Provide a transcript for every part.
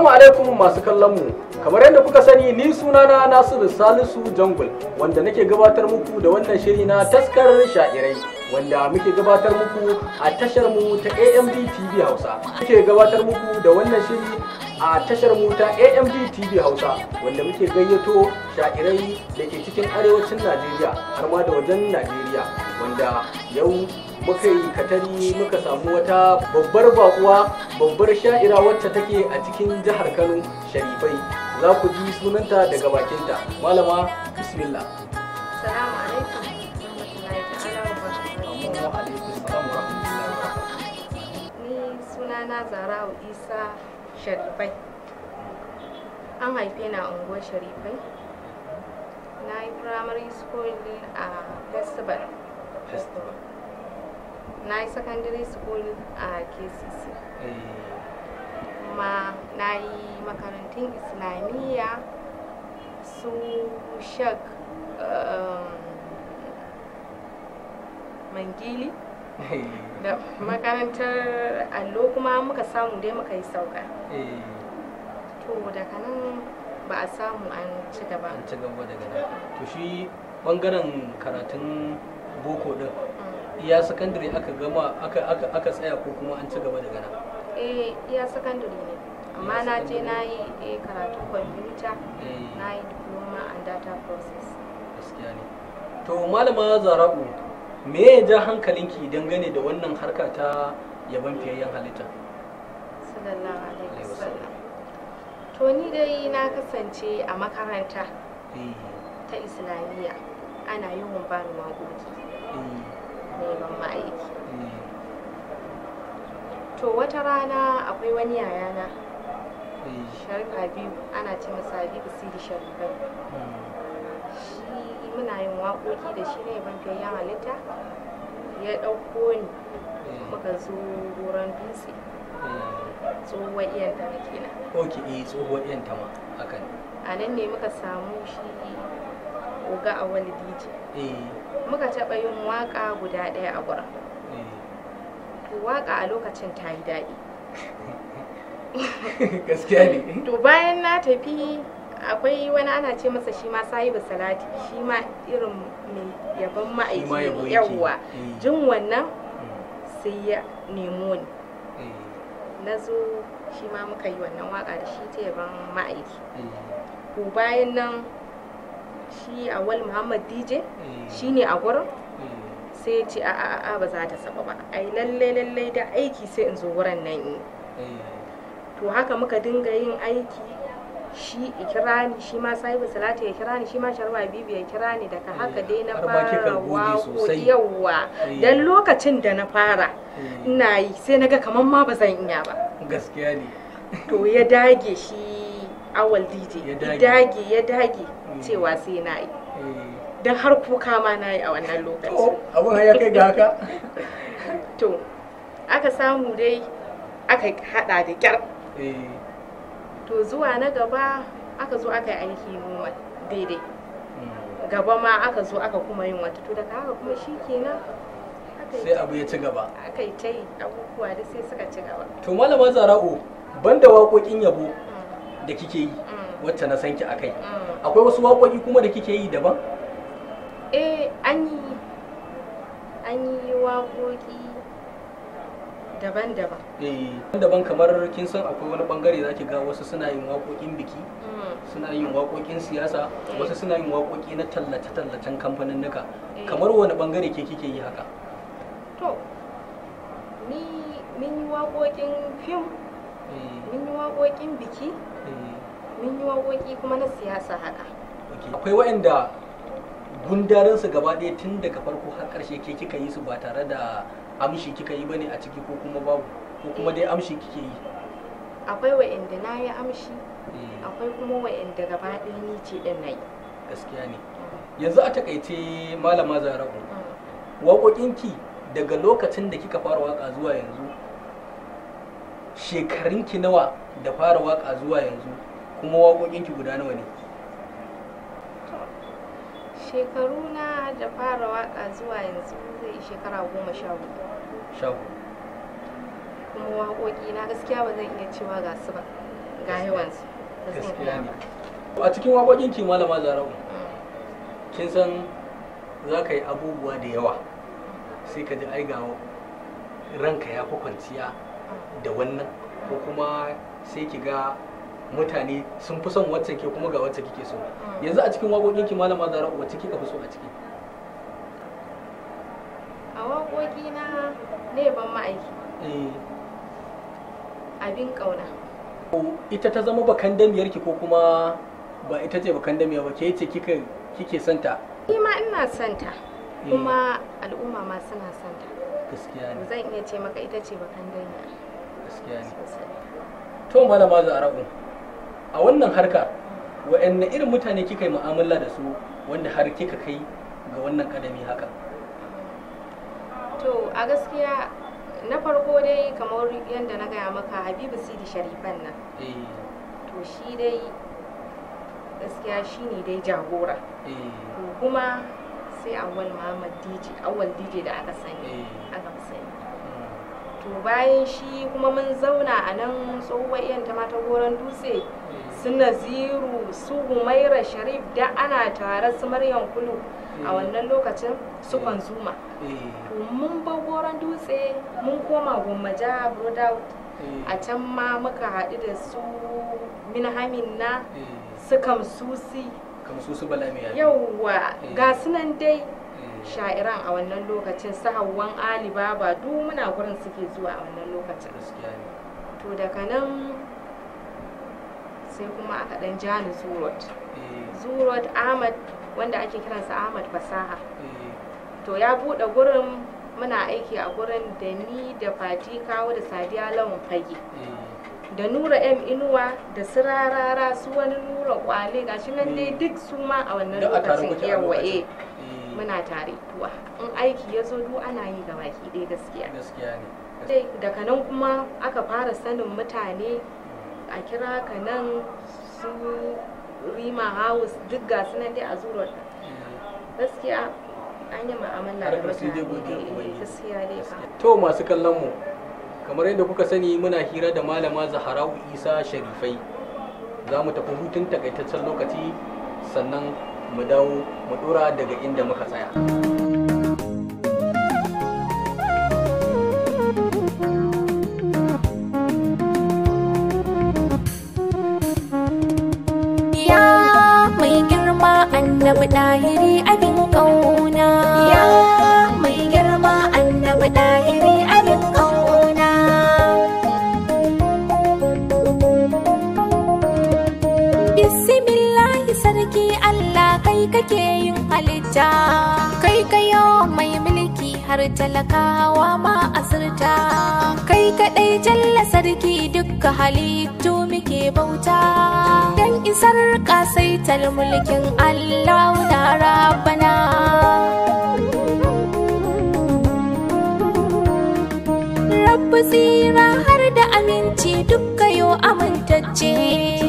Assalamu alaikum masu kallon mu. Kamar yadda kuka sani ni sunana Nasiru Salisu Jangul wanda nake gabatar muku da wannan shiri na taskar sha'irai wanda muke gabatar muku a tashar mu ta AMD TV Hausa. Muke gabatar muku da wannan shiri a tashar mu ta AMD TV Hausa wanda muke gayyato sha'irai da ke cikin arewacin Najeriya har ma da wajen Najeriya. wanda yau muka yi katari muka samu wata babbar baƙuwa babbar sha'ira wacce take a cikin jihar kano sharifai za ku ji sunanta daga bakinta malama bismillah salamu alaikum sunana zarawa isa sharifai an haife na unguwar sharifai na yi primary school a festival festival na yi secondary school a kcc kuma eh. na yi makarantun islamiyya su shak um, mangili eh. da makarantar allo kuma muka samu dai muka yi sauka eh. to daga nan ba a samu an ci gaba an ci gaba daga nan to shi bangaren karatun boko din iya sakandare aka gama aka tsaya ko kuma an ci gaba da gana eh iya sakandare ne amma na je na yi eh, karatun kwamfuta eh. na yi diploma and data process gaskiya ne to malama zara'u me ya ja hankalinki dangane da wannan harka ta yaban fiyayyen halitta sallallahu alaihi wasallam to ni dai na kasance a makaranta eh. ta islamiyya ana yawan ba ni magogi neman ma'aiki to wata rana akwai wani yayana sharka biyu ana ce masa habibu sidi sharifai shi muna yin waƙoƙi da shi ne ban fiye halitta ya ɗauko ni muka zo wurin dutse tsohuwar iyan tama kenan ok eh tsohuwar iyan tama hakan a nan ne muka samu shi oga a wani dj eh. muka taɓa yin waka guda ɗaya a gurin eh. waka a lokacin ta yi daɗi gaskiya ne to bayan na tafi akwai wani ana ce masa shi ma sahibu salati shi ma irin mai yaban ma'aiki yawwa eh. jin wannan hmm. sai ya nemo ni na zo shi ma muka yi wannan waka da shi ta yaban ma'aiki ko bayan nan shi awal muhammad dj mm. shi ne a gurin mm. sai ya ce a a ba za ta saba ba ai lalle lalle da aiki sai in zo wurin nan yi mm. to haka muka dinga yin aiki shi ya kira ni shi ma sahibu salatu ya kira ni shi ma sharwa bibi ya kira ni daga haka dai na fara wako yawwa dan lokacin da na fara ina yi sai na ga kamar ma ba zan iya ba gaskiya ne to ya dage shi awal dj ya dage ya dage cewa sai na yi eh. don har kuka ma na yi a wannan lokaci abin ya kai ga haka to aka samu dai aka hada da kyar eh. to zuwa na gaba aka zo aka yi aiki noma daidai mm. gaba ma aka zo aka kuma yin wata to daga haka kuma shi kenan sai abu ya ci gaba aka yi ta yi abubuwa da sai suka ci gaba to malama zara'u banda waƙoƙin yabo mm. da kike yi mm. wacce na sanke a kai. akwai wasu waƙoƙi kuma da kike yi daban eh an yi an yi waƙoƙi daban-daban eh daban kamar kin san akwai wani bangare zaki ga wasu suna yin waƙoƙin biki mm. suna yin waƙoƙin siyasa eh. wasu suna yin waƙoƙi na tallace-tallacen kamfanin nuka eh. kamar wani bangare ke kike yi haka to ni min yi waƙoƙin fim eh. min yi waƙoƙin biki mun yi waƙoƙi kuma na siyasa haka akwai waɗanda gundarin su gaba ɗaya tun daga farko har ƙarshe ke kika yi su ba tare da amshi kika yi bane a ciki ko kuma babu ko kuma dai amshi kike yi akwai waɗanda na yi amshi eh. akwai kuma waɗanda gaba ɗaya ni ce ɗin na yi gaskiya ne yanzu a takaice malama zara'u mm. waƙoƙinki daga lokacin da kika fara waƙa zuwa yanzu shekarunki nawa da fara waƙa zuwa yanzu kuma waƙoƙinki guda nawa ne shekaru na da fara waƙa zuwa yanzu zai shekara goma sha hudu kuma waƙoƙi na gaskiya ba zan iya cewa ga su ba ga yawansu gaskiya ne a cikin waƙoƙinki malama zarau mm. kin san za ka yi abubuwa da yawa sai ka ji ai ga ranka ya fi kwanciya mm. da wannan ko kuma sai ki ga mutane sun fi son wacce ke kuma ga wacce kike so mm. yanzu a cikin waƙoƙin ki malama zara wacce kika fi so a ciki a waƙoƙi na ne ban ma'aiki eh. abin ƙauna ita ta zama bakan damiyar ki ko kuma ba ita ce bakan damiya ba ke ce kika kike santa ni ma ina santa eh. kuma al'umma ma suna santa gaskiya ne zan iya ce maka ita ce bakan damiya gaskiya ne to malama zarabu a wannan harka wa'anne irin mutane kika yi mu'amala da su wanda har kika kai ga wannan kadami haka to a gaskiya na farko dai kamar yadda na gaya maka habibu sidi sharifan nan eh. to shi dai gaskiya shi ne dai jagora eh. kuma sai awal muhammad dj awal dj da aka sani eh. aka sani to bayan shi kuma mun zauna a nan tsohuwar iyan ta mata goron dutse su naziru su humaira sharif da ana tare su maryam kulu a eh. wannan lokacin su eh. kwanzuma eh. to mun ba goron dutse mun koma gwammaja brodout a can ma muka haɗu da su minhamin na su kamsusi yauwa ga sunan dai sha'iran a wannan lokacin su Hauwan alibaba duk muna gurin suke zuwa a wannan lokacin to daga nan sai kuma aka dan jani zurot eh. zurot ahmad wanda ake kiransa ahmad fasaha eh. to ya bude gurin muna aiki a gurin da ni da fati kawo da sadiya lawan fage eh. da nura m inuwa da sirarara su wani nura kwale gashi nan dai duk su ma a wannan lokacin yawa eh muna tare kuwa in aiki ya zo duk ana yi ga baki ɗaya gaskiya daga nan kuma aka fara sanin mutane a kira ka nan su rima house duk ga su nan dai a zuwa mm-hmm. gaskiya an yi ma'amala da mutane gaskiya dai to masu kallon mu kamar yadda kuka sani muna hira da malama zaharau isa sharifai za mu tafi hutun takaitaccen lokaci sannan mu dawo mu dora daga inda muka tsaya ya mai girma annabi ɗahiri har talakawa ma asirta kai kaɗai jalla sarki dukka halittu muke bauta dan isar kasaitar mulkin Allah na rabana Rabbu tsira har da aminci dukka yo amintacce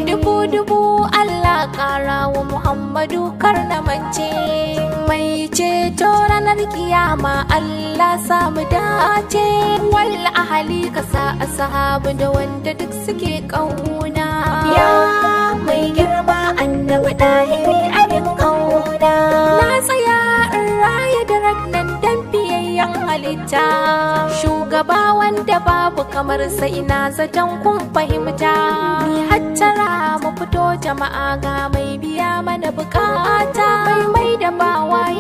dubu dubu Allah ƙara wa Muhammadu karnamance. ceto ranar kiyama Allah samu dace wal ahali kasa ashabu da wanda duk suke kauna ya mai girma annabi dahiri abin kauna na tsaya in raya da ragnan dan biyayyen halitta shugaba wanda babu kamar sa ina zaton kun fahimta ni hattara mu fito jama'a ga mai biya mana bukata mai mai da bawa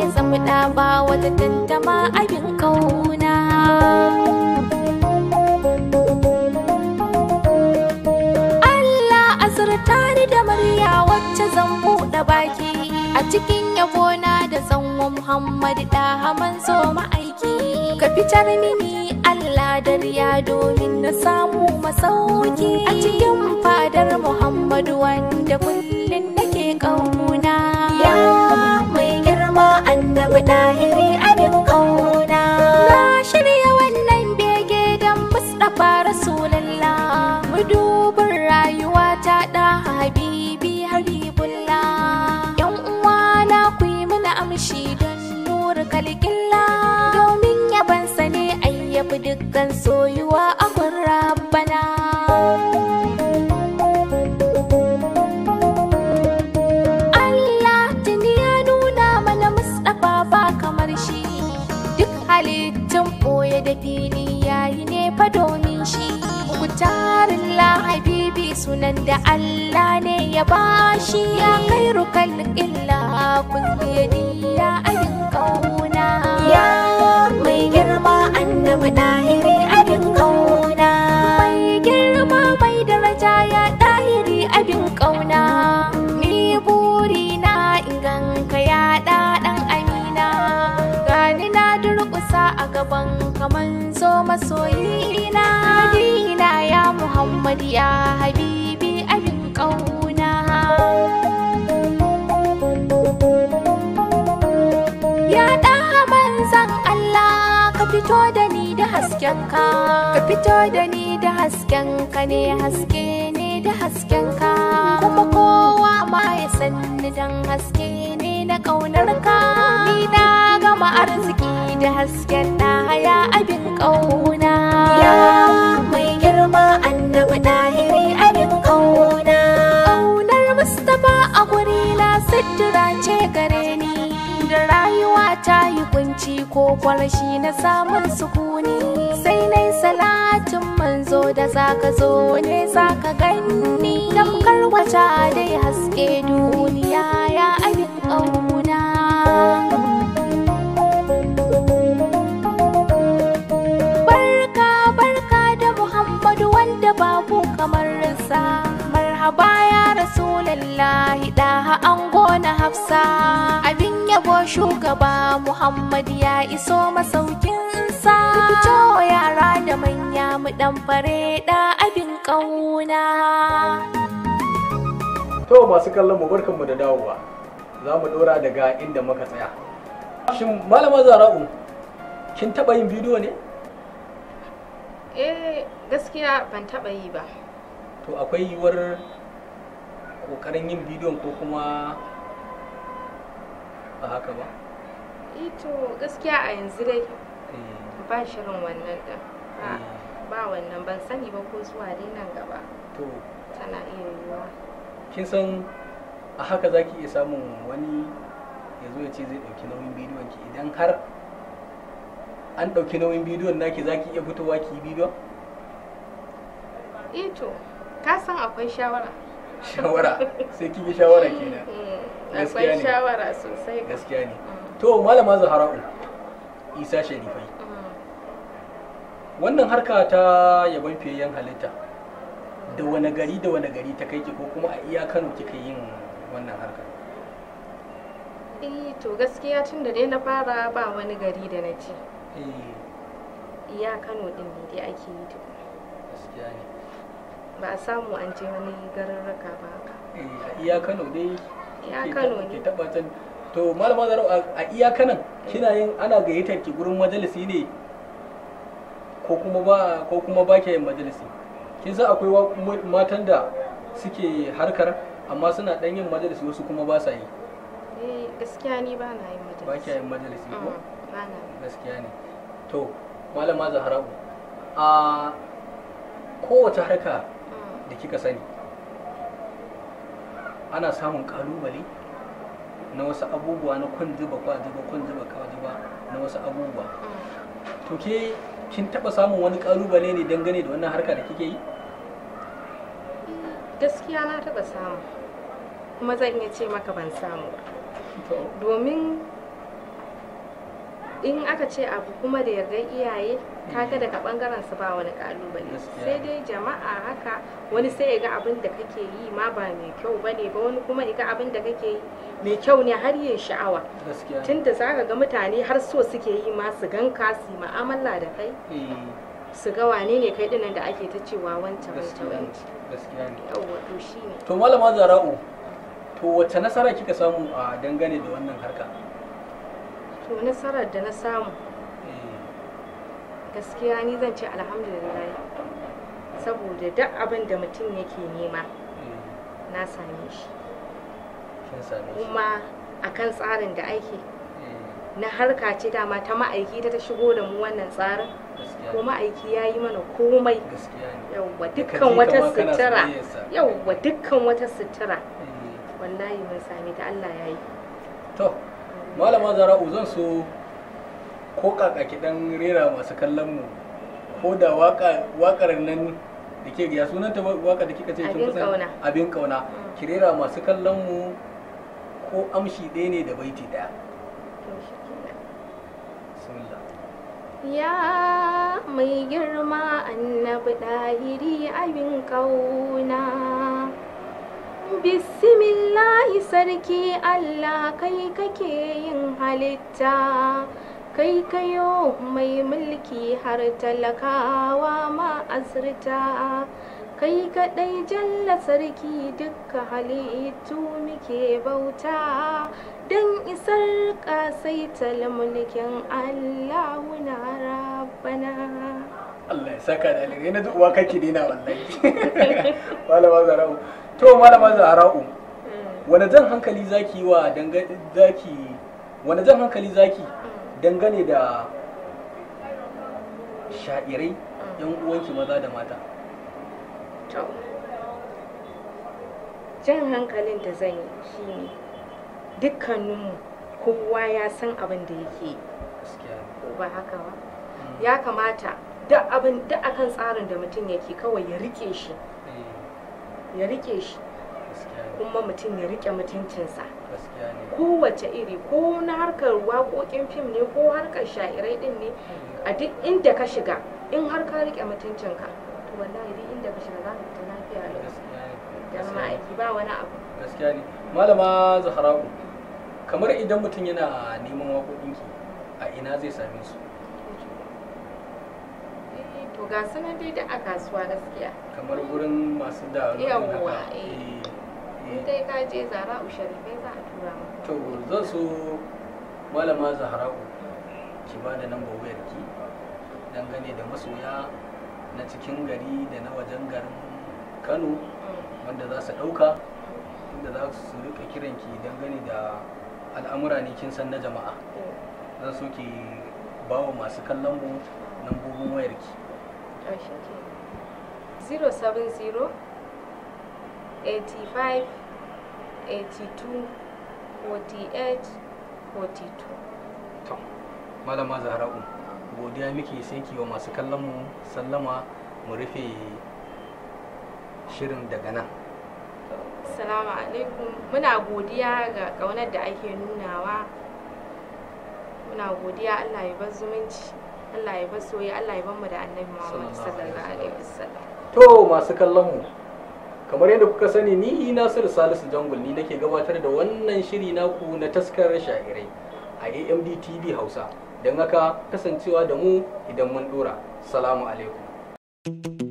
Muhammad da ma ma'aiki ka fitar mini Allah darya domin na samu masauki a cikin fadar Muhammadu wanda kullum nake kauna ya mai girma annabi dahiri abin kauna na shirya wannan bege don Mustapha Rasulullah ya bashi ya kai rukan haskenka ka fito da ni da haskenka ne haske ne da haskenka kuma kowa ma ya ni dan haske ne na ƙaunarka ni na gama arziki da hasken na haya abin ƙauna ya mai girma annabi ɗahiri ci ko kwalshi na samun sukuni sai nai salatin manzo da zaka zo ne zaka gani tamkar wata dai haske duniya ya abin auna barka barka da muhammadu wanda babu kamar sa marhaba ya rasulallahi ha ango na hafsa sabo shugaba Muhammad ya iso masaukinsa Fito yara da manya mu dan fare da abin kauna To masu kallon mu barkanmu da dawowa za mu dora daga inda muka tsaya Shin malama Zara'u kin taba yin bidiyo ne? Eh gaskiya ban taba yi ba to akwai yiwuwar kokarin yin bidiyon ko kuma ba haka ba ito eh gaskiya a yanzu dai eh. ba shirin wannan din eh. ba wannan ban sani ba ko zuwa dai nan gaba to tana iya yiwuwa kin san a haka zaki iya samun wani ya zo ya ce zai ɗauki nauyin bidiyon ki idan har an ɗauki nauyin bidiyon naki zaki iya fitowa ki bidiyo bidiyon? ito ka san akwai shawara shawara sai kin yi shawara kenan akwai shawara sosai gaskiya ne mm. to malama zahara'u isa sharifai mm. wannan harka ta yaban fiyayyen halitta da wani gari da wani gari ta kai ko kuma a iya kano kika yin wannan harka eh to gaskiya tun da dai na fara ba wani gari da na ci eh. iya kano din ne dai ake yi tukun gaskiya ne ba a samu an je wani raka ba eh, a iya kano dai ya Kano ne tabbacin to malama zaro a iyaka nan kina yin ana gayyatar ki gurin majalisi ne ko kuma ba ko kuma ba ki yin majalisi kin san akwai matan da suke harkar amma suna dan yin majalisi wasu kuma ba sa yi eh, gaskiya ni ba na yin majalisi ba ki yin majalisi ko mm, ba na gaskiya ne to malama zaharau a kowace harka mm. da kika sani ana samun kalubale na wasu abubuwa na kun zuba kwa zuba kun zuba kwa zuba na wasu abubuwa to ke kin taba samun wani kalubale ne dangane da wannan harka da kike yi gaskiya na taba samu kuma zan iya ce maka ban samu domin in aka ce abu kuma da yardan iyaye kaga daga bangaren su ba wani kalubale sai dai jama'a haka wani sai ya ga abin da kake yi ma ba mai kyau bane ba wani kuma ya ga abin da kake yi mai kyau ne har yin sha'awa tunda zaka ga mutane har so suke yi ma su ganka su ma'amala da kai eh. su ga wane ne kai dinnan da ake ta cewa wancan wancan wancan to shine to malama zara'u to wacce nasara kika samu a dangane da wannan harka to nasarar da na samu gaskiya ni zan ce alhamdulillah saboda duk abin da mutum yake nema mm. na same shi kuma a kan tsarin da aiki mm. na harka ce dama ta ma'aiki ta shigo da mu wannan tsarin ko ma'aiki ya yi mana komai yauwa dukkan wata sutura yauwa dukkan wata sutura wallahi mun sami ta Allah ya yi malama zara'u zan so ko kakaki dan rera masu kallon mu ko da wakar nan da ke ya sunan ta waka da kika ce kin kusan abin kauna mm. ki rera masu kallon mu ko amshi ɗaya ne da baiti daya. Ya mai girma annabi ɗahiri abin kauna. bismillahi sarki allah kai kake yin halitta kai kayo mai mulki har talakawa ma azrita kai kadai jalla sarki dukka halittu muke bauta dan isar kasaitar mulkin allahu na rabbana Allah ya saka da alheri na duk uwa kake dina wallahi malama zarau to malama zara'u mm. wani jan hankali zaki wa zaki wani jan hankali zaki dangane da sha'irai mm. yan uwanki maza da mata to jan hankalin da zan yi ne dukkaninmu kowa ya san abin da yake ba haka ba mm. ya kamata duk akan tsarin da mutum yake kawai ya rike shi eh. ya rike shi kuma mutum ya rike mutuncinsa kowace iri ko na harkar waƙoƙin fim ne ko harkar sha'irai din ne a duk inda ka shiga in har ka rike mutuncinka to wallahi duk inda ka shiga za ka fita lafiya lau dan ma'aiki ba wani abu gaskiya ne malama zahara'u kamar idan mutum yana neman waƙoƙinki a ina zai same su to ga sanar dai da a kasuwa gaskiya kamar wurin masu da yawwa eh, eh, eh. dai ka je zara usharifai za a tura maka to zan so malama ku ki ba da nan wayar ki dangane da masoya na cikin gari da na wajen garin kano mm. wanda za su ɗauka inda za su rika dan dangane da al'amura ne kin san na jama'a mm. zan so ki bawo masu kallon mu nan wayarki 070 85 82 48 42 malama zahra'u godiya muke sai masu kallon mu sallama mu rufe shirin daga nan Salamu alaikum muna godiya ga kaunar da ake nunawa muna godiya Allah ya bar zumunci Allah to masu kallon mu kamar yadda kuka sani ni Nasiru Salisu Jangul ni nake gabatar da wannan shiri naku na taskar shahirai a AMD TV Hausa don haka kasancewa da mu idan mun dora salamu alaikum